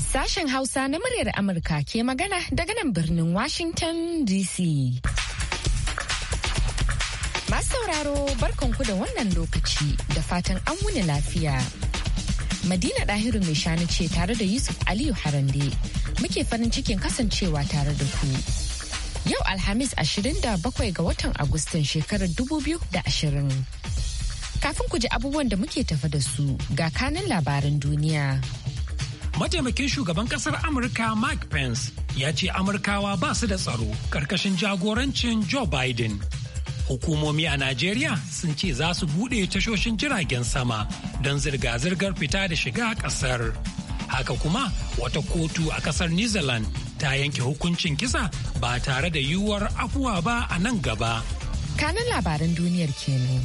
Sashen Hausa na muryar Amurka ke magana daga nan birnin Washington DC. Masu sauraro barkanku da wannan lokaci da fatan an wuni lafiya. Madina ɗahiru mai shanu ce tare da Yusuf Aliyu Harande muke farin cikin kasancewa tare da ku. Yau Alhamis 27 ga watan Agustan shekarar 2020. Kafin ku ji abubuwan da muke tafa da su ga kanin labaran duniya. Mataimakin shugaban kasar Amurka Mike Pence ya ce Amurkawa ba su da tsaro karkashin jagorancin Joe Biden. Hukumomi a Najeriya sun ce za su buɗe tashoshin jiragen sama don zirga-zirgar fita da shiga ƙasar. Haka kuma wata kotu a ƙasar New Zealand ta yanke hukuncin kisa ba tare da yiwuwar afuwa ba a nan gaba. Kanan labaran duniyar kenan.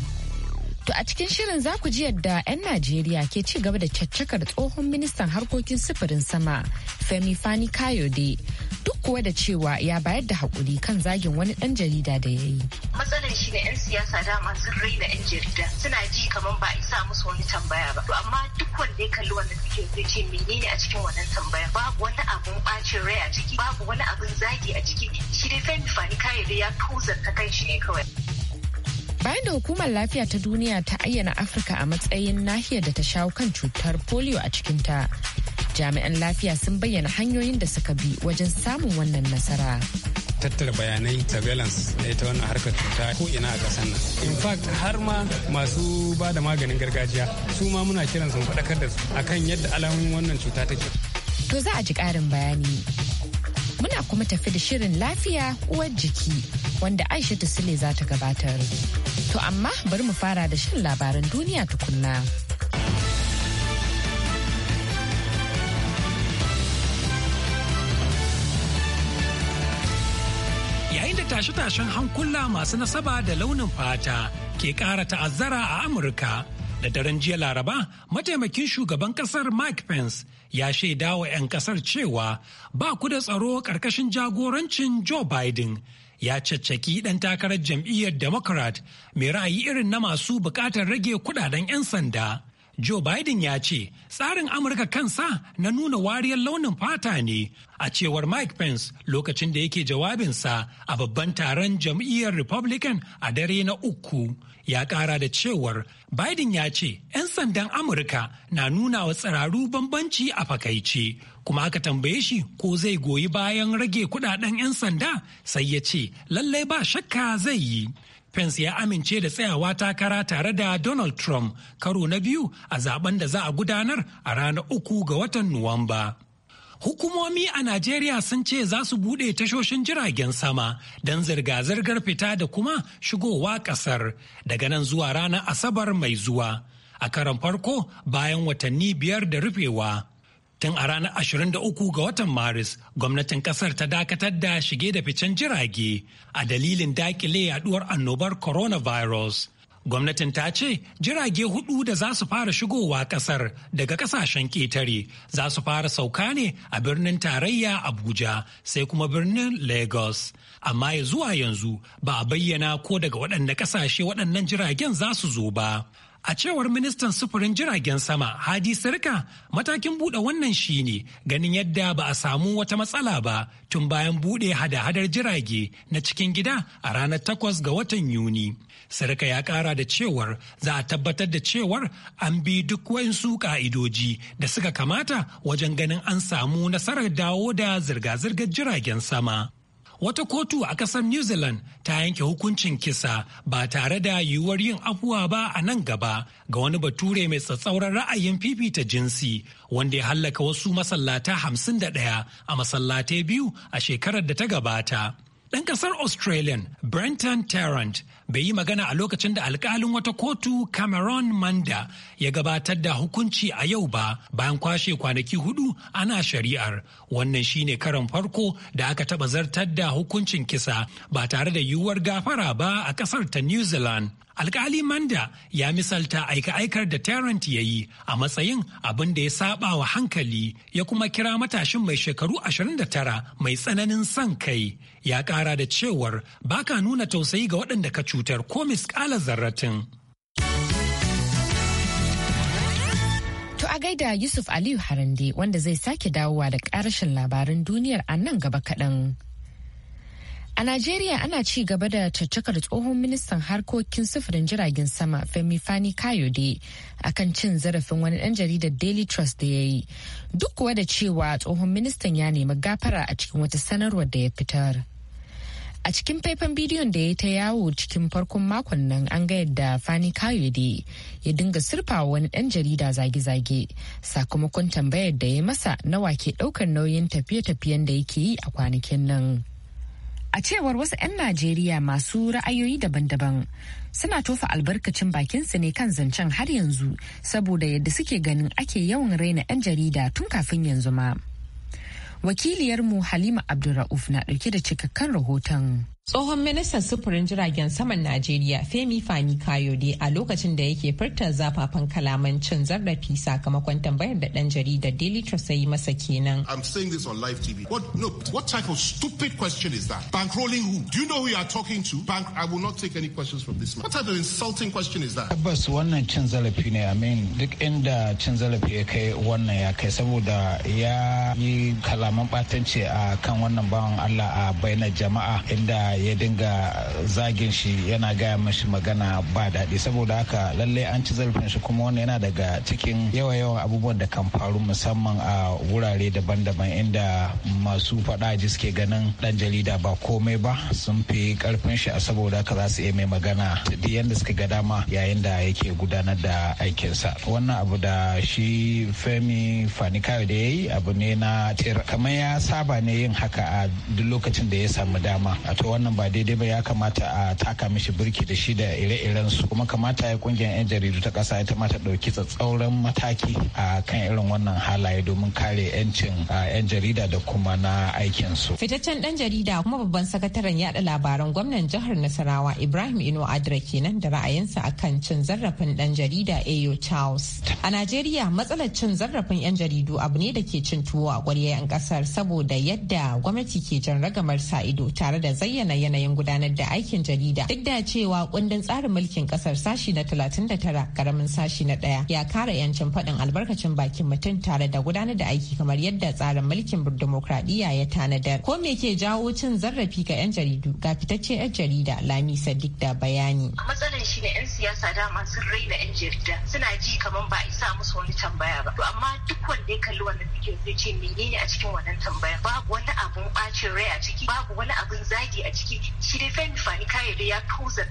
To a cikin shirin za ku ji yadda 'yan Najeriya ke ci gaba da caccakar tsohon ministan harkokin sufurin sama Femi Fani Kayode duk kuwa da cewa ya bayar da hakuri kan zagin wani ɗan jarida da ya yi. Matsalar shi ne 'yan siyasa dama sun raina 'yan jarida suna ji kamar ba a isa musu wani tambaya ba. To amma duk wanda ya kalli wannan suke zai ce menene a cikin wannan tambaya babu wani abun ɓacin rai a ciki babu wani abun zagi a ciki shi dai fahimta Fani Kayode ya tuzanta kan shi ne kawai. Bayan da hukumar lafiya ta duniya ta ayyana Afirka a matsayin nahiyar da ta shawo kan cutar polio a cikinta, jami'an lafiya sun bayyana hanyoyin da suka bi wajen samun wannan nasara tattara bayanai surveillance na ita wannan harkar cuta ko ina a kasan nan in fact har ma masu ba da maganin gargajiya su ma muna kiran su faɗakar da su akan yadda alamun wannan cuta take to za a ji ƙarin bayani muna kuma tafi da shirin lafiya uwar jiki wanda aisha sule za ta gabatar to amma bari mu fara da shan labaran duniya tukunna. tashe-tashen hankula masu nasaba da launin fata ke ƙara ta'azzara a Amurka. Da daren jiya Laraba, mataimakin shugaban kasar Mike Pence ya shaida wa 'yan kasar cewa ba ku da tsaro ƙarƙashin jagorancin Joe Biden. Ya caccaki ɗan takarar jam'iyyar Democrat mai ra'ayi irin na masu buƙatar rage kudaden 'yan sanda. Joe Biden ya ce tsarin Amurka kansa na nuna wariyar launin fata ne a cewar Mike Pence lokacin da yake jawabinsa a babban taron jam'iyyar Republican a dare na uku. Ya kara da cewar Biden ya ce 'yan sandan Amurka na nuna wa tsiraru bambanci a fakaice. Kuma aka tambaye shi ko zai goyi bayan rage kudaden 'yan sanda sai ya ce lallai ba shakka zai yi. Pence ya amince da tsayawa takara tare da Donald Trump karo na biyu a zaben da za a gudanar a ranar uku ga watan Nuwamba. Hukumomi a Najeriya sun ce za su buɗe tashoshin jiragen sama don zirga-zirgar fita da kuma shigowa ƙasar daga nan zuwa ranar Asabar mai zuwa. A karan farko bayan watanni biyar da rufewa. tun a ranar 23 ga watan maris gwamnatin kasar ta dakatar da shige da ficen jirage a dalilin dakile yaduwar annobar coronavirus gwamnatin ta ce jirage hudu da za su fara shigowa kasar daga kasashen ƙetare za su fara sauka ne a birnin tarayya abuja sai kuma birnin lagos amma ya zuwa yanzu ba a bayyana ko daga waɗanne ƙasashe waɗannan jiragen za su zo ba A cewar ministan sufurin jiragen sama Hadi Sarka matakin buɗe wannan shine ganin yadda ba a samu wata matsala ba tun bayan buɗe hada-hadar jirage na cikin gida a ranar takwas ga watan Yuni. Sarka ya ƙara da cewar za a tabbatar da cewar an bi duk wayansu ƙa'idoji da suka kamata wajen ganin an samu nasarar dawo da zirga-zirgar jiragen sama. Wata kotu a ƙasar New Zealand ta yanke hukuncin kisa ba tare da yiwuwar yin afuwa ba a nan gaba ga wani bature mai tsatsauran ra'ayin fifita jinsi wanda ya hallaka wasu masallata hamsin da ɗaya a masallatai biyu a shekarar da ta gabata. Ɗan ƙasar Australian Brenton Tarrant bai yi magana a lokacin da alkalin wata kotu cameron manda ya gabatar da hukunci a yau ba bayan kwashe kwanaki hudu ana shari'ar wannan shine karan farko da aka taba zartar da hukuncin kisa ba tare da yiwuwar gafara ba a kasar ta new zealand alkali manda ya misalta aika-aikar da tarrant ya yi a matsayin abin da ya saba wa hankali ya kuma kira matashin mai shekaru 29 mai tsananin son kai ya kara da cewar baka nuna tausayi ga waɗanda ka cutar ko miskala zarratin To a gaida Yusuf Aliyu Harande wanda zai sake dawowa da ƙarashin labarin duniyar a nan gaba kaɗan. A Najeriya ana ci gaba da caccakar tsohon ministan harkokin sufurin jiragen sama Femi Fani Kayode akan cin zarafin wani ɗan jaridar Daily Trust da ya yi. Duk kuwa da cewa tsohon ministan ya nemi gafara a cikin wata sanarwar da ya fitar. A cikin faifan bidiyon da ya yi ta yawo cikin farkon makon nan an ga yadda Fani Kayode ya dinga surfawa wani ɗan jarida zage-zage sakamakon tambayar da ya masa nawa ke ɗaukar nauyin tafiye-tafiyen da yake yi a kwanakin nan. A cewar wasu 'yan Najeriya masu ra'ayoyi daban-daban suna tofa albarkacin bakinsu ne kan zancen har yanzu saboda yadda suke ganin ake yawan raina 'yan jarida tun kafin yanzu ma. Wakiliyarmu Halima Abdulra'uf na ɗauke da cikakken rahoton. Tsohon ministan sufurin jiragen saman Najeriya Femi Fani Kayode a lokacin da yake furta zafafan kalaman cin zarafi sakamakon tambayar da ɗan jarida Daily Trust yi masa kenan. I'm saying this on live TV. What no, what type of stupid question is that? Bankrolling who? Do you know who you are talking to? Bank I will not take any questions from this man. What type of insulting question is that? Tabbas wannan cin zarafi ne I mean duk inda cin zarafi ya kai wannan ya kai saboda ya yi kalaman batanci a kan wannan bawan Allah a bainar jama'a inda ya dinga zagin shi yana gaya mashi magana ba daɗi saboda haka lallai an ci zarafin shi kuma wannan yana daga cikin yawa-yawan abubuwan da kan faru musamman a wurare daban-daban inda masu faɗa ji suke ganin ɗan jarida ba komai ba sun fi karfin shi a saboda haka za su iya mai magana duk yadda suka ga dama yayin da yake gudanar da aikinsa wannan abu da shi femi fani da ya yi abu ne na tera kamar ya saba ne yin haka a duk lokacin da ya samu dama a to wannan ba daidai ba ya kamata a taka mishi birki da shi da ire-iren su kuma kamata ya kungiyar 'yan jaridu ta kasa ya ma ta dauki tsatsauran mataki a kan irin wannan halaye domin kare 'yancin 'yan jarida da kuma na aikin su. Fitaccen dan jarida kuma babban sakataren yada labaran gwamnan jihar Nasarawa Ibrahim Ino Adra kenan da ra'ayinsa akan cin zarrafin dan jarida Ayo Charles. A Najeriya matsalar cin zarrafin 'yan jaridu abu ne da ke cin tuwo a ƙwarya 'yan ƙasar saboda yadda gwamnati ke jan ragamar sa ido tare da zayyana mana yanayin gudanar da aikin jarida duk da cewa kundin tsarin mulkin kasar sashi na 39 karamin sashi na daya ya kara yancin faɗin albarkacin bakin mutum tare da gudanar da aiki kamar yadda tsarin mulkin demokradiyya ya tanadar ko me ke jawo cin zarafi ga 'yan jaridu ga fitacce 'yan jarida lami sadiq da bayani matsalan shi ne 'yan siyasa dama sun raina 'yan jarida suna ji kamar ba a isa musu wani tambaya ba to amma duk wanda ya kalli wannan bikin zai ce menene a cikin wannan tambaya babu wani abun bacin rai a ciki babu wani abun zagi a ciki ciki shi dai femi fani kayode ya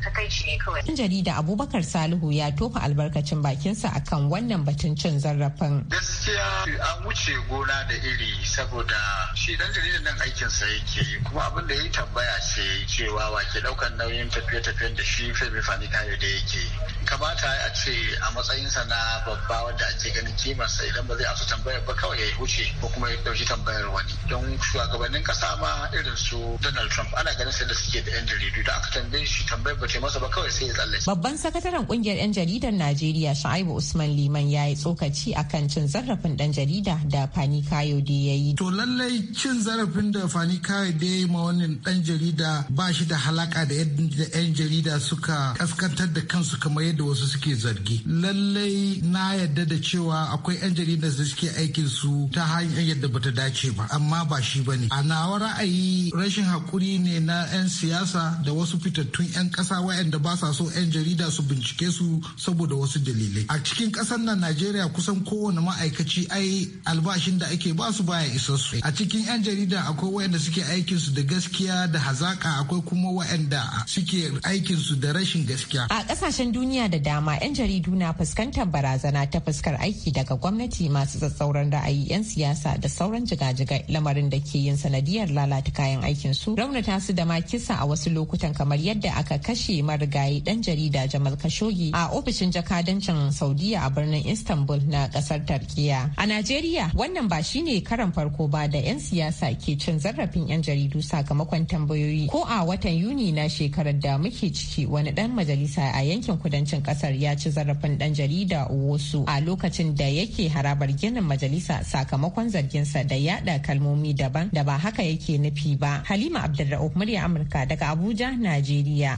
ta kai shi ne kawai. Yan jarida Abubakar Salihu ya tofa albarkacin bakinsa akan wannan batun cin zarafin. Gaskiya an wuce gona da iri saboda shi dan jaridan nan aikinsa yake kuma abin da ya tambaya ce cewa wa ke daukan nauyin tafiye-tafiyen da shi femi fani kayode yake. Kamata a ce a matsayinsa na babba wanda ake ganin kimarsa idan ba zai asu tambayar ba kawai ya wuce ko kuma ya ɗauki tambayar wani. Don shugabannin kasa ma irin su Donald Trump ana ganin kasashe da suke da yan jaridu da aka tambaye shi tambayar ba masa ba kawai sai ya Babban sakataren kungiyar yan jaridar Najeriya Sha'ibu Usman Liman ya yi tsokaci akan cin zarafin dan jarida da Fani da ya yi. To lallai cin zarafin da Fani da ya yi ma wannan dan jarida ba shi da halaka da yadda yan jarida suka kaskantar da kansu kamar yadda wasu suke zargi. Lallai na yadda da cewa akwai yan jarida da suke aikin su ta hanyar yadda bata dace ba amma ba shi ba ne. A nawa ra'ayi rashin hakuri ne na 'yan siyasa da wasu fitattun 'yan ƙasa waɗanda ba sa so 'yan jarida su bincike su saboda wasu dalilai a cikin ƙasar nan najeriya kusan kowane ma'aikaci ai albashin da ake ba su baya isassu a cikin 'yan jarida akwai waɗanda suke aikin su da gaskiya da hazaƙa akwai kuma waɗanda suke aikin su da rashin gaskiya a ƙasashen duniya da dama 'yan jaridu na fuskantar barazana ta fuskar aiki daga gwamnati masu tsatsauran ra'ayi 'yan siyasa da sauran jiga-jiga lamarin da ke yin sanadiyar lalata kayan aikin su raunata su da ma kisa a wasu lokutan kamar yadda aka kashe marigayi dan jarida Jamal kashogi a ofishin jakadancin Saudiya a birnin Istanbul na kasar Turkiya. A Najeriya wannan ba shine karan farko ba da 'yan siyasa ke cin zarafin 'yan jaridu sakamakon tambayoyi ko a watan Yuni na shekarar da muke ciki wani dan majalisa a yankin kudancin kasar ya ci zarafin dan jarida wasu a lokacin da yake harabar ginin majalisa sakamakon zarginsa da yada kalmomi daban da ba haka yake nufi ba. Halima Abdulrahman murya Amurka daga Abuja, Najeriya.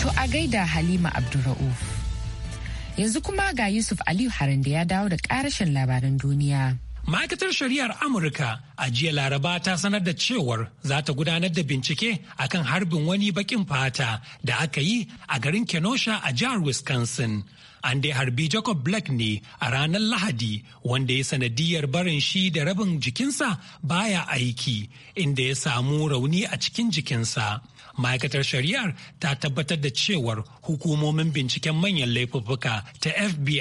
To a gaida Halima Abdulra'uf. Yanzu kuma ga Yusuf Aliyu Harin da ya dawo da ƙarashin labaran duniya. Ma'aikatar Shari'ar Amurka a jiya Laraba ta sanar da cewar za ta gudanar da bincike akan harbin wani bakin fata da aka yi a garin Kenosha a jihar Wisconsin. an dai harbi jacob black ne a ranar lahadi wanda ya sanadiyar barin shi da rabin jikinsa baya aiki inda ya samu rauni a cikin jikinsa ma'aikatar shari'ar ta tabbatar da cewar hukumomin binciken manyan laifuffuka ta fbi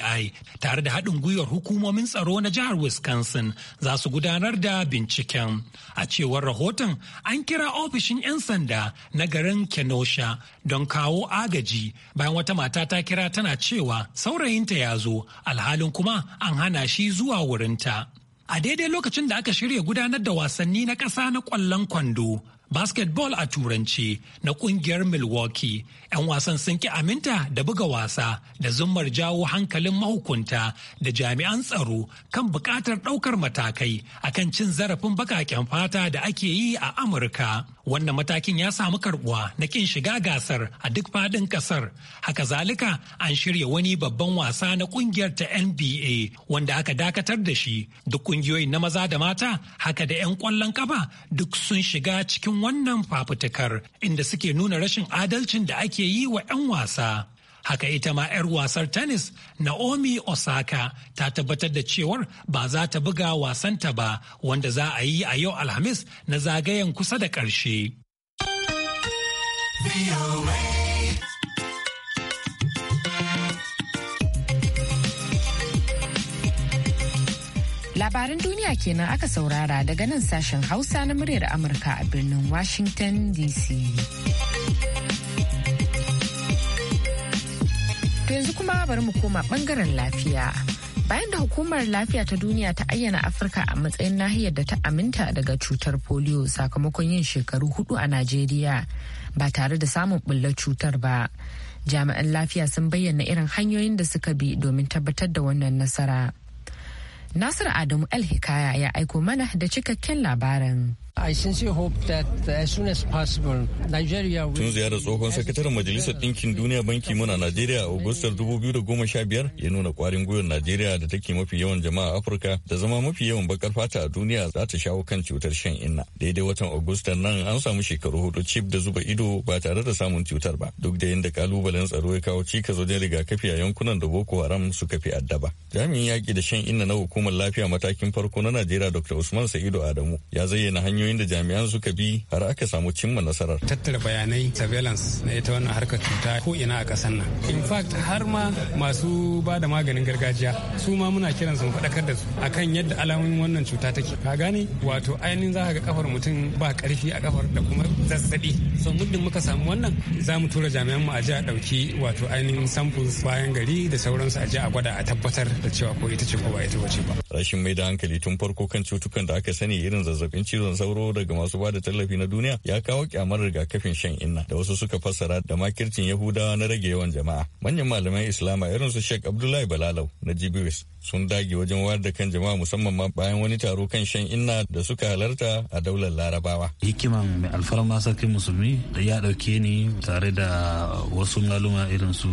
tare da haɗin gwiwar hukumomin tsaro na jihar wisconsin za su gudanar da binciken a cewar rahoton an kira ofishin 'yan sanda na garin kenosha don kawo agaji bayan wata mata ta kira tana cewa saurayinta ya zo alhalin kuma an hana shi zuwa wurinta a daidai lokacin da aka shirya gudanar da wasanni na ƙasa na ƙwallon kwando basketball a turanci na kungiyar milwaukee 'yan wasan sun ki aminta da buga wasa da zummar jawo hankalin mahukunta da jami'an tsaro kan buƙatar ɗaukar matakai akan cin zarafin bakaƙen fata da ake yi a amurka Wannan matakin ya samu karbuwa na kin shiga gasar a duk fadin kasar. Haka zalika an shirya wani babban wasa na kungiyar ta NBA wanda aka dakatar da shi. Duk ƙungiyoyin na maza da mata haka da 'yan kwallon kafa duk sun shiga cikin wannan fafutukar inda suke nuna rashin adalcin da ake yi wa 'yan wasa. Haka ita ma 'yar wasar tennis Naomi Osaka ta tabbatar da cewar ba za ta buga wasanta ba wanda za a yi a yau Alhamis na zagayen kusa da ƙarshe. Labaran duniya kenan aka saurara daga nan sashen Hausa na muryar Amurka a birnin Washington DC. To yanzu kuma bari mu koma bangaren lafiya. Bayan da hukumar lafiya ta duniya ta ayyana Afirka a matsayin nahiyar da ta aminta daga cutar polio sakamakon yin shekaru hudu a Najeriya ba tare da samun bullar cutar ba. Jami'an lafiya sun bayyana irin hanyoyin da suka bi domin tabbatar da wannan nasara. Nasiru Adamu El Hikaya ya aiko mana da cikakken labarin. I Tun ziyarar tsohon sakataren Majalisar Ɗinkin Duniya Banki Muna Najeriya a Agustar 2015 ya nuna kwarin gwiwar Najeriya da take mafi yawan jama'a Afirka da zama mafi yawan bakar fata a duniya za ta shawo kan cutar shan inna. Daidai watan Agustar nan an samu shekaru hudu cif da zuba ido ba tare da samun cutar ba. Duk da yadda kalubalen tsaro ya kawo cikas wajen rigakafi a yankunan da Boko Haram suka fi addaba. Jami'in yaƙi da shan inna na hukumar lafiya matakin farko na Najeriya Dr. Usman Sa'idu Adamu ya zayyana hanyoyin hanyoyin da jami'an suka bi har aka samu cimma nasarar. Tattara bayanai surveillance na ita wannan harkar cuta ko ina a ƙasar nan. In fact har ma masu ba da maganin gargajiya su ma muna kiran su mu faɗakar da su akan yadda alamomin wannan cuta take. Ka gane wato ainihin za ka ga kafar mutum ba ƙarfi a kafar da kuma zazzaɓi. So muddin muka samu wannan za mu tura jami'an mu a je a ɗauki wato ainihin samples bayan gari da sauransu a je a gwada a tabbatar da cewa ko ita ce ko ba ita ce ba. Rashin mai da hankali tun farko kan cutukan da aka sani irin zazzabin cizon sauro tsaro daga masu ba da tallafi na duniya ya kawo kyamar rigakafin shan inna da wasu suka fassara da makircin yahudawa na rage yawan jama'a manyan malaman islama irin su sheikh abdullahi balalau na jibiris sun dage wajen wayar da kan jama'a musamman ma bayan wani taro kan shan inna da suka halarta a daular larabawa. hikiman mai alfarma sarkin musulmi da ya ɗauke ni tare da wasu maluma irin su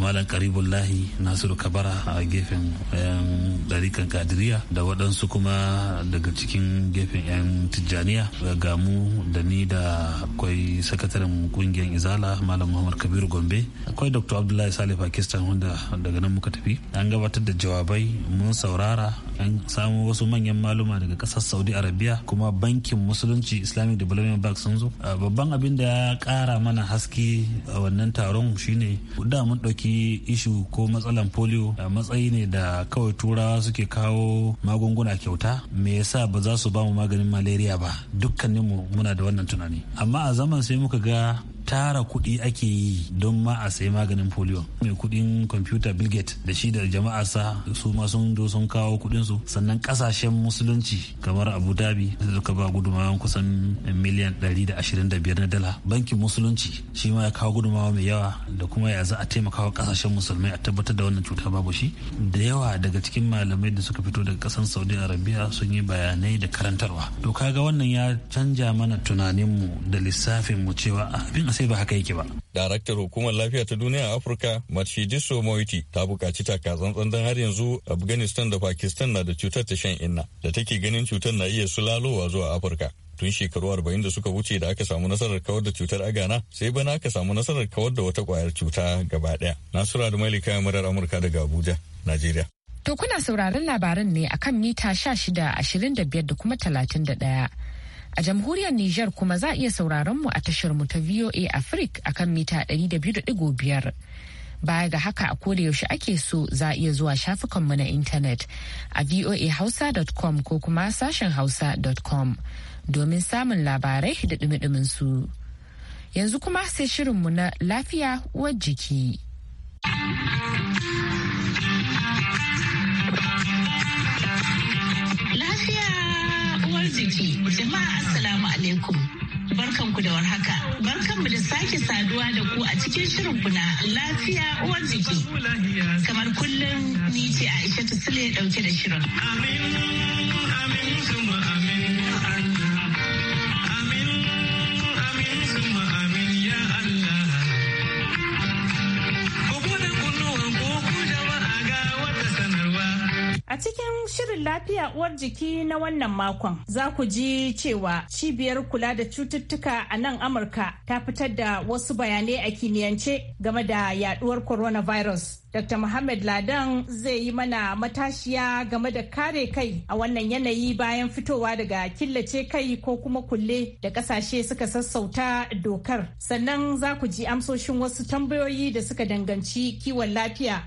malam karibullahi nasiru kabara a gefen yan ɗarikan kadiriya da waɗansu kuma daga cikin gefen yan tijjaniya ga mu da ni da akwai sakataren kungiyar izala malam muhammad kabiru gombe akwai dr abdullahi salih pakistan wanda daga nan muka tafi an gabatar da jawabai mun saurara an samu wasu manyan maluma daga kasar saudi arabia kuma bankin musulunci islamic development bank sun zo babban abin da ya kara mana haske a wannan taron shine da mun ɗauki ishu ko matsalan polio a matsayi ne da kawai turawa suke kawo magunguna kyauta me yasa ba za su ba mu maganin malaria ba dukkaninmu muna da wannan tunani amma a zaman sai muka ga tara kuɗi ake yi don ma a sayi maganin polio mai kuɗin kwamfuta bill gate da shi da jama'a sa su ma sun zo sun kawo kuɗin su sannan kasashen musulunci kamar abu dhabi da suka ba gudumawan kusan miliyan 125 na dala bankin musulunci shi ma ya kawo gudumawa mai yawa da kuma ya za a taimakawa kasashen musulmai a tabbatar da wannan cuta babu shi da yawa daga cikin malamai da suka fito daga kasan saudi arabia sun yi bayanai da karantarwa to kaga wannan ya canja mana tunaninmu da lissafinmu cewa abin a sai ba haka yake ba. Daraktar hukumar lafiya ta duniya a Afirka Matshidiso Moiti ta buƙaci tsantsan don har yanzu Afghanistan da Pakistan na da cutar ta shan inna da take ganin cutar na iya sulalowa zuwa Afirka. Tun shekaru arba'in da suka wuce da aka samu nasarar kawar da cutar agana sai bana aka samu nasarar kawar da wata kwayar cuta gaba ɗaya. Nasura da Malika Murar Amurka daga Abuja, Najeriya. To kuna sauraron labaran ne akan mita sha shida ashirin da biyar da kuma talatin da 31. A jamhuriyar Nijar kuma za a iya sauraron mu a tashar mu ta VOA Africa akan mita 200.5. Baya ga haka a koda yaushe ake so za a iya zuwa shafukanmu na intanet a voahausa.com ko kuma sashen hausa.com domin samun labarai da dumi su. Yanzu kuma sai shirin mu na lafiya uwar jiki. alaikum. ku da warhaka. mu da sake saduwa da ku a cikin shirin kuna lafiya uwar jiki. Kamar kullum ni ce Aisha Sule dauke da shirin. Amin, amin, amin. A cikin shirin lafiya uwar jiki na wannan makon za ku ji cewa cibiyar kula da cututtuka a nan Amurka ta fitar da wasu bayanai a kimiyance game da yaduwar coronavirus Dr. Muhammad Ladan zai yi mana matashiya game da kare kai a wannan yanayi bayan fitowa daga killace kai ko kuma kulle da kasashe suka sassauta dokar. Sannan za ku ji amsoshin wasu tambayoyi da suka danganci kiwon lafiya.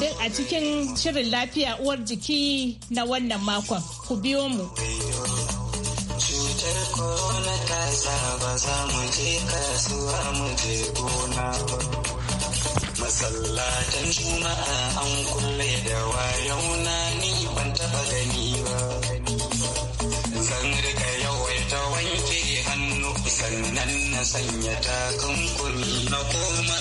Duk a cikin shirin lafiya uwar jiki na wannan makon. Ku biyo mu. Cutar corona ta sa ba za mu je kasuwa mu je gona ba. masallatan juma'a an kulle da wayo na ni ban taba gani ba sannan na sanya takunkumi na koma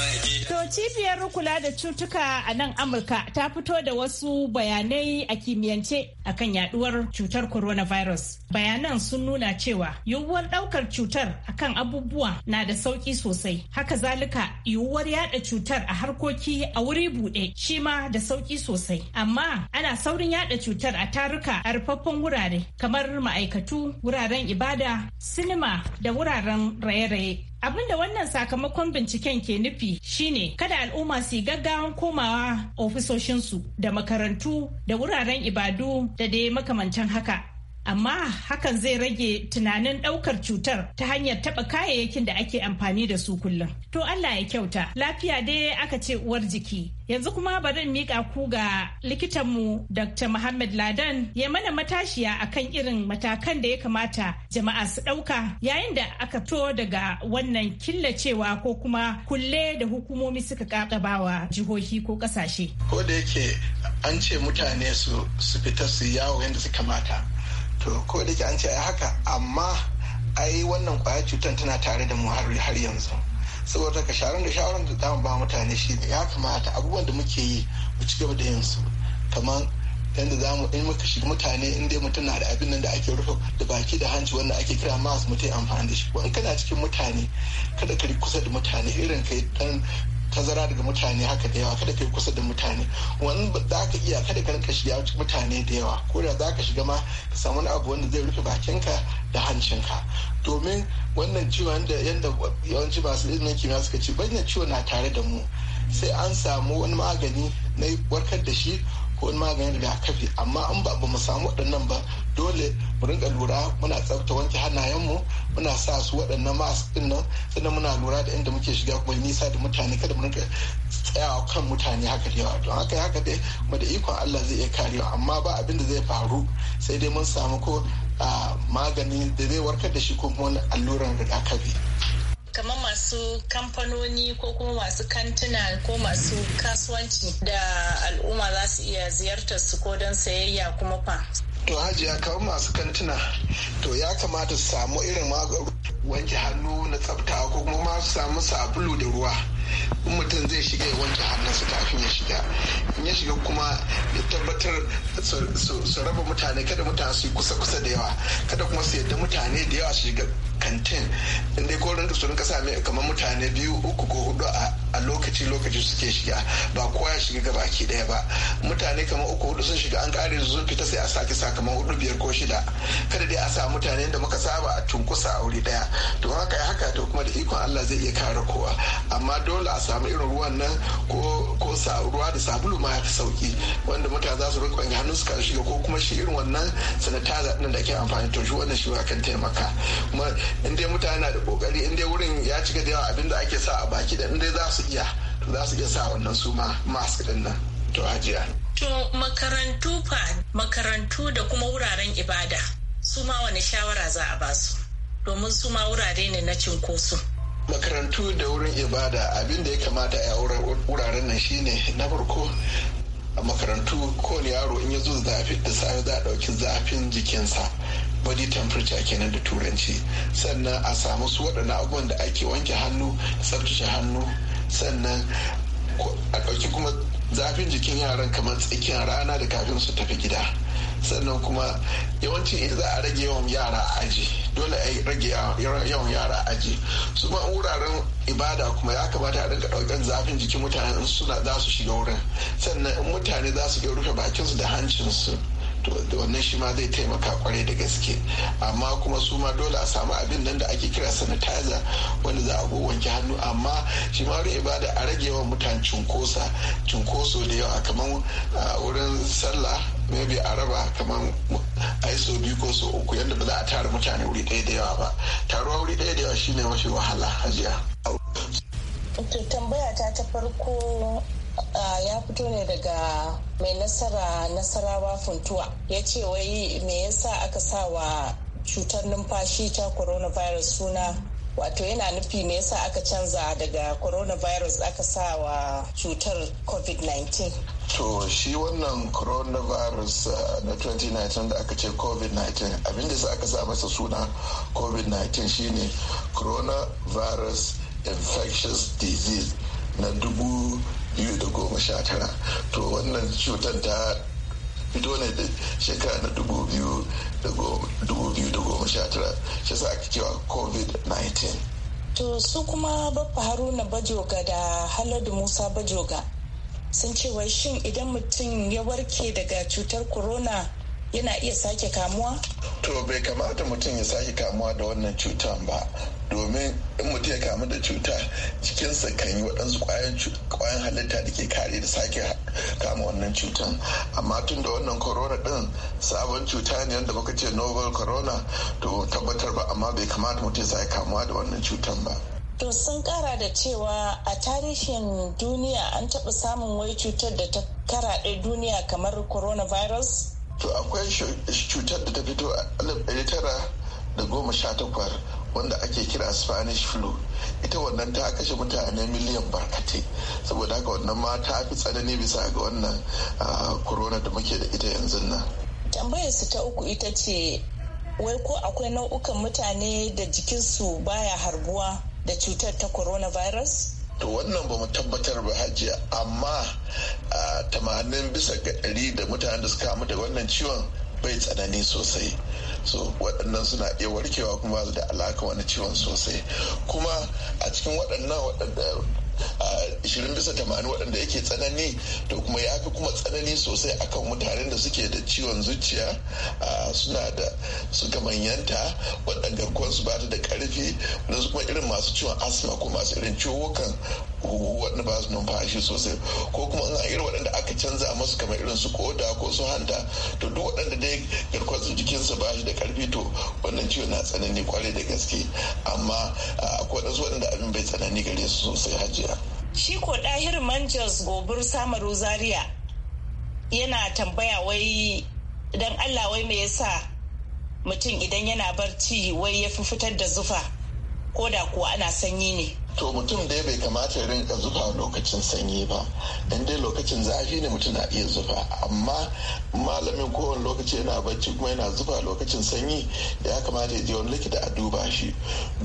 To cibiyar kula da cutuka a nan Amurka ta fito da wasu bayanai a kimiyyance akan yaduwar cutar coronavirus. Bayanan sun nuna cewa yiwuwar daukar cutar akan abubuwa na da sauki sosai. Haka zalika yiwuwar yada cutar a harkoki a wuri bude shi ma da sauki sosai. Amma ana saurin yada cutar a taruka a rufaffen wurare kamar ma'aikatu, wuraren ibada, sinima da wuraren wannan raye-raye. Abin da wannan sakamakon binciken ke nufi shine kada al'umma su gaggawan komawa ofisoshinsu da makarantu da wuraren ibadu da dai makamancin haka. amma hakan zai rage tunanin ɗaukar cutar ta hanyar taɓa kayayyakin da ake amfani da su kullum. To Allah ya kyauta, lafiya dai aka ce uwar jiki. Yanzu kuma bari miƙa ku ga likitanmu Dr. Muhammad Ladan ya mana matashiya akan irin matakan da ya kamata jama'a su ɗauka yayin da aka to daga wannan killacewa ko kuma kulle da hukumomi suka ƙaƙabawa jihohi ko ƙasashe. Ko da yake an ce mutane su fita su yawo yadda su kamata. to ko da ke an ce ai haka amma ai wannan kwayar cutar tana tare da mu har yanzu saboda ka sharan da shawaran da zamu ba mutane shi ne ya kamata abubuwan da muke yi mu ci gaba da yin su kamar yadda za mu in muka shiga mutane in dai mutum na da abin nan da ake rufe da baki da hanci wanda ake kira masu mutum amfani da shi in kana cikin mutane kada ka kusa da mutane irin kai dan tazara daga mutane haka da yawa kada ka yi kusa da mutane wani za ka iya kada ka rinka shiga mutane da yawa ko da za ka shiga ma ka samu wani abu wanda zai rufe bakinka da hancinka domin wannan ciwon da yadda yawanci masu ilimin kimiyya suka ce bayyana ciwo na tare da mu sai an samu wani magani na warkar da shi ko wani maganin rigakafi amma an ba mu samu waɗannan ba dole mu rinka lura muna tsafta wanke hannayen mu muna sa su waɗannan mask din nan sannan muna lura da inda muke shiga kuma nisa da mutane kada mu rinka tsayawa kan mutane haka da yawa don haka haka dai kuma da ikon Allah zai iya karewa amma ba abin da zai faru sai dai mun samu ko ah, magani da zai warkar da shi ko kuma alluran rigakafi. kamar masu kamfanoni ko kuma masu kantuna ko masu kasuwanci da al'umma za su iya ziyartar su ko don sayayya kuma fa. To hajiya kamar masu kantuna to ya kamata su samu irin wanke hannu na tsafta ko kuma su samu sabulu da ruwa. in mutum zai shiga ya wanke hannunsa kafin ya shiga in ya shiga kuma ya tabbatar su raba mutane kada mutane su yi kusa-kusa da yawa kada kuma su yadda mutane da yawa su shiga kantin inda ko rinka su rinka sami kamar mutane biyu uku ko hudu a lokaci lokaci suke shiga ba kowa ya shiga gaba ki daya ba mutane kamar uku hudu sun shiga an kare su fita sai a sake sakamakon hudu biyar ko shida kada dai a sa mutane da muka saba a tunkusa a wuri daya to haka ya haka to kuma da ikon Allah zai iya kare kowa amma dole dole a samu irin ruwan nan ko ruwa da sabulu ma ya fi sauki wanda mutane za su rinka wanke hannu su kan shiga ko kuma shi irin wannan sanitizer din da ke amfani to shi wannan shi ma kan taimaka kuma in dai mutane na da kokari in dai wurin ya cika da yawa abinda ake sa a baki da in dai za su iya to za su iya sa wannan su ma mask din nan to hajiya to makarantu fa makarantu da kuma wuraren ibada su ma wani shawara za a basu domin su ma wurare ne na cinkoso makarantu da wurin ibada abin da ya kamata a wuraren nan shine na farko a makarantu kowane yaro in ya zo zafi da safe za a ɗauki zafin jikinsa body temperature kenan da turanci sannan a samu su waɗannan abubuwan da ake wanke hannu tsabtace hannu sannan a ɗauki kuma zafin jikin yaran kamar tsakiyar rana da kafin su tafi gida sannan kuma yawanci in za a rage yawan yara a aji dole a rage yawan yara a aji su ma wuraren ibada kuma ya kamata a rinka ɗaukar zafin jikin mutane in suna za su shiga wurin sannan in mutane za su iya rufe bakinsu da hancinsu to wannan shi ma zai taimaka kwarai da gaske amma kuma su ma dole a samu abin nan da ake kira sanitizer wanda za a wanke hannu amma shi ma wurin ibada a rage yawan mutane cunkosa cunkoso da yawa kamar ah, wurin sallah maybe a raba kamar a so biyu ko so uku yadda ba za a tara mutane wuri ɗaya da yawa ba taruwa wuri ɗaya da yawa shine mafi wahala hajiya ke tambaya ta ta farko ya fito ne daga mai nasara nasarawa funtuwa ya ce wai me yasa aka sa wa cutar numfashi ta coronavirus suna wato yana nufi ne yasa aka canza daga coronavirus aka sa wa cutar covid-19 to shi wannan coronavirus uh, na 2019 da aka ce covid-19 abinda sa aka sa masa suna covid-19 shine coronavirus infectious disease na dubu biyu da goma sha tara to wannan cutar ta fito ne da shekara na dubu biyu da goma sha tara shi sa ake cewa covid-19 to su kuma baffa haruna bajoga da haladu musa bajoga sun ce wai shin idan mutum ya warke daga cutar corona yana iya sake kamuwa? To bai kamata mutum ya sake kamuwa da wannan cutar ba domin in mutum ya kamu da cuta cikinsa kan yi waɗansu ƙwayan halitta da ke kare da sake kama wannan cutan amma tun da wannan corona ɗin sabon cuta ne wanda muka ce novel corona to tabbatar ba amma bai kamata mutum ya sake kamuwa da wannan cutan ba To sun kara da cewa a tarihin duniya an taɓa samun wai cutar da ta karaɗe duniya kamar coronavirus? To akwai cutar da ta fito a 1918 wanda ake kira spanish flu ita wannan ta kashe mutane miliyan barkatai saboda haka wannan ma ta fi tsanani bisa ga wannan corona da muke da ita yanzu nan tambayar su ta uku ita ce wai ko akwai nau'ukan mutane da jikinsu baya harbuwa da cutar ta virus? to wannan ba mu tabbatar ba hajiya amma tamanin bisa ga ɗari da mutanen da suka kamu da wannan ciwon bai tsanani sosai so waɗannan suna iya warkewa kuma da alaka wani ciwon sosai kuma a cikin waɗannan waɗanda ishirin bisa tamanin waɗanda yake tsanani to kuma ya fi kuma tsanani sosai akan mutanen da suke da ciwon zuciya suna da suka manyanta waɗanda garkuwarsu ba ta da ƙarfi da kuma irin masu ciwon asma ko masu irin ciwokan wadanda ba su numfashi sosai ko kuma irin waɗanda aka canza masu kamar irin su koda ko su hanta to duk waɗanda dai garkuwar jikinsu ba shi da karfi to wannan ciwo na tsanani kwarai da gaske amma akwai wadansu waɗanda abin bai tsanani gare su sosai hajiya. shi ko dahir manjas gobir samaru zaria yana tambaya wai don allah wai me yasa mutum idan yana barci wai ya fi fitar da zufa ko da kuwa ana sanyi ne to mutum dai bai kamata ya rinka zufa lokacin sanyi ba dan dai lokacin zafi ne mutum na iya zufa amma malamin kowane lokaci yana bacci kuma yana zufa lokacin sanyi ya kamata ya je wani likita a duba shi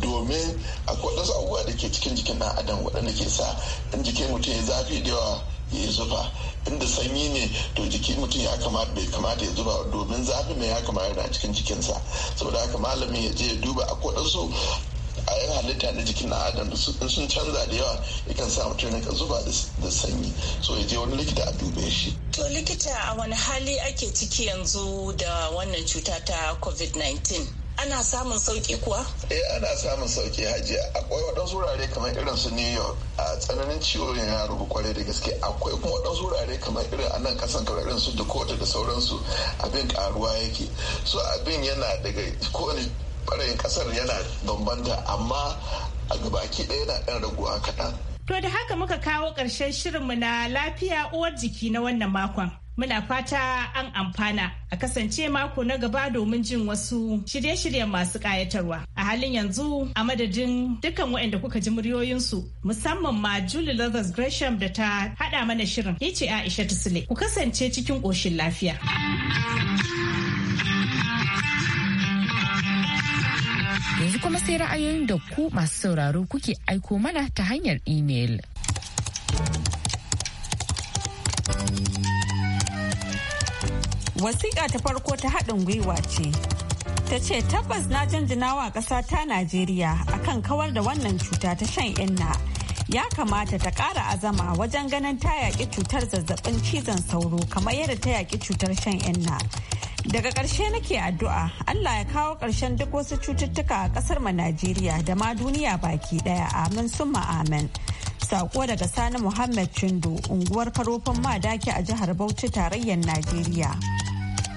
domin akwai wasu abubuwa da ke cikin jikin ɗan adam waɗanda ke sa in jikin mutum ya zafi da yawa ya zufa inda sanyi ne to jiki mutum ya kamata bai kamata ya zuba domin zafi mai ya kamata yana cikin jikinsa saboda haka malamin ya je ya duba akwai wasu a yan halitta na jikin na adam in sun canza da yawa yakan sa mutum rinka zuba da sanyi so ya je wani likita a dube shi to likita a wani hali ake ciki yanzu da wannan cuta ta covid-19 ana samun sauki kuwa? eh ana samun sauki hajiya akwai waɗansu wurare kamar irin su new york a tsananin ciwon ya rubu kwarai da gaske akwai kuma waɗansu wurare kamar irin a nan ƙasan kamar irin su dakota da sauransu abin ƙaruwa yake so abin yana daga kowane ɓarayin kasar yana bambanta amma a gabaki ɗaya yana ɗan raguwa kaɗan. To da haka muka kawo ƙarshen shirinmu na lafiya uwar jiki na wannan makon. Muna fata an amfana a kasance mako na gaba domin jin wasu shirye-shiryen masu ƙayatarwa. A halin yanzu a madadin dukkan waɗanda kuka ji muryoyinsu musamman ma Julie Lovers Gresham da ta haɗa mana shirin. Ni ce Aisha Tusile. Ku kasance cikin ƙoshin lafiya. Yanzu kuma sai ra'ayoyin da ku masu sauraro kuke aiko mana ta hanyar imel. Wasiƙa ta farko ta haɗin gwiwa ce. Ta ce tabbas na janjina wa ƙasa ta Najeriya akan kawar da wannan cuta ta shan inna. Ya kamata ta ƙara azama wajen ganin ta yaƙi cutar zazzabin cizon sauro kamar yadda ta yaƙi cutar shan inna. Daga ƙarshe nake addu'a Allah ya kawo ƙarshen duk wasu cututtuka a ƙasar mu Najeriya da ma duniya baki ɗaya amin summa amin. Sako daga Sani Muhammad Chindo unguwar Karofin Madaki a jihar Bauchi tarayyar Najeriya.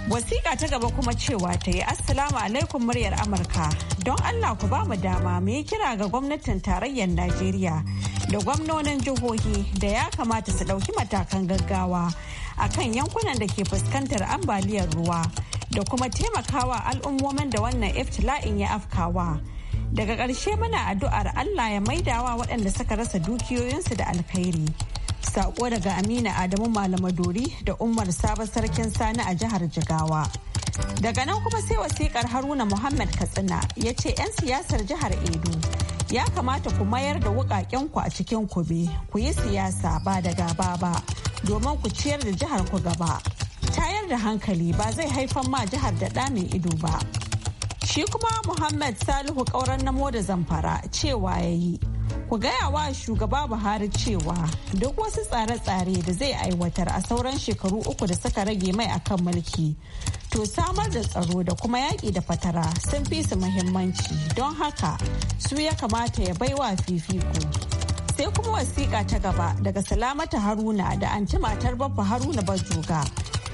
Wasiƙa ta gaba kuma cewa ta yi Assalamu alaikum muryar Amurka don Allah ku ba mu dama mu yi kira ga gwamnatin tarayyar Najeriya da gwamnonin jihohi da ya kamata su ɗauki matakan gaggawa a kan yankunan da ke fuskantar ambaliyar ruwa da kuma taimakawa al'ummomin da wannan iftila'in ya afkawa. Daga ƙarshe muna addu'ar Allah ya maidawa waɗanda suka rasa dukiyoyinsu da alkhairi. saƙo daga Amina Adamu Malamadori da Umar Sabo Sarkin Sani a jihar Jigawa. Daga nan kuma sai wasiƙar Haruna Muhammad Katsina ya ce 'yan siyasar jihar Edo ya kamata ku mayar da wukakenku a cikin kube ku yi siyasa ba da gaba ba domin ku ciyar da jihar ku gaba tayar da hankali ba zai haifan ma jihar da ɗa mai ido ba shi kuma muhammad salihu ƙauren namo da zamfara cewa ya yi ku gaya wa shugaba buhari cewa duk wasu tsare-tsare da zai aiwatar a sauran shekaru uku da suka rage mai a kan mulki to samar da tsaro da kuma yaƙi da fatara sun fi su muhimmanci don haka su ya kamata ya baiwa fifiko sai kuma wasiƙa ta gaba daga salamata haruna da anti matar babba haruna bajuga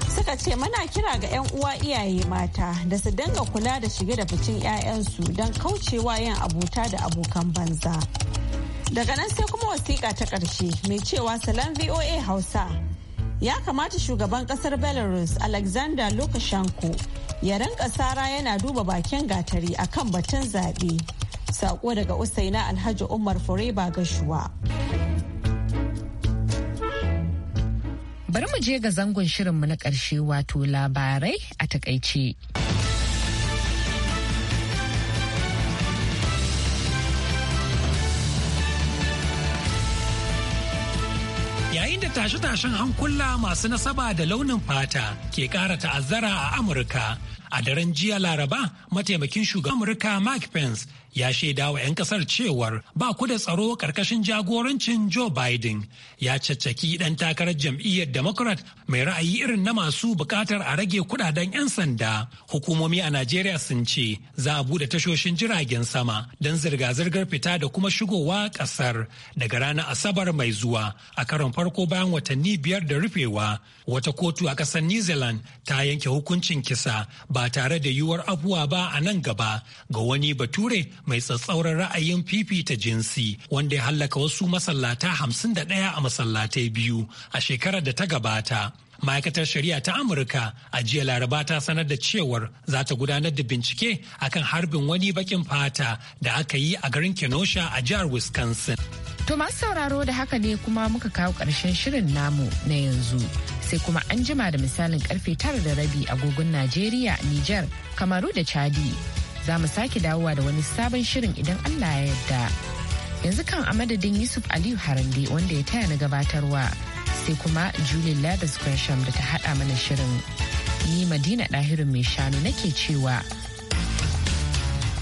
suka ce mana kira ga 'yan uwa iyaye mata da su dinga kula da shige da ficin 'ya'yansu don kaucewa yin abuta da abokan banza daga nan sai kuma wasiƙa ta ƙarshe mai cewa salon voa hausa ya kamata shugaban ƙasar belarus alexander lukashenko ya rinka sara yana duba bakin gatari akan batun zaɓe Sako daga Usaina Alhaji Umar ga Gashuwa. Bari mu je ga zangon shirinmu na ƙarshe wato labarai a takaice. yayin da tashe-tashen hankula masu nasaba da launin fata ke kara ta'azzara a amurka a daren jiya laraba mataimakin shugaban amurka mike pence ya shaida wa 'yan kasar cewar ba ku da tsaro karkashin jagorancin Joe Biden ya caccaki dan takarar jam'iyyar Democrat mai ra'ayi irin na masu bukatar a rage kudaden 'yan sanda. Hukumomi a Najeriya sun ce za a bude tashoshin jiragen sama don zirga-zirgar fita da kuma shigowa kasar daga ranar Asabar mai zuwa a karon farko bayan watanni biyar da rufewa. Wata kotu a kasar New Zealand ta yanke hukuncin kisa ba tare da yiwuwar abuwa ba a nan gaba ga wani bature mai tsatsauran ra'ayin fifita jinsi wanda ya hallaka wasu masallata hamsin da ɗaya a masallatai biyu a shekarar da ta gabata. ma'aikatar shari'a ta amurka a jiya laraba ta sanar da cewar za ta gudanar da bincike akan harbin wani bakin fata da aka yi a garin kenosha a jihar wisconsin to masu sauraro da haka ne kuma muka kawo ƙarshen shirin namu na yanzu sai kuma an jima da misalin karfe tara da rabi agogon najeriya niger kamaru da chadi za mu sake dawowa da wani sabon shirin idan Allah ya yarda. Yanzu kan a madadin Yusuf Aliyu Harande wanda ya taya na gabatarwa sai kuma Julie ladis Gresham da ta haɗa mana shirin. Ni Madina Ɗahirin mai shanu nake cewa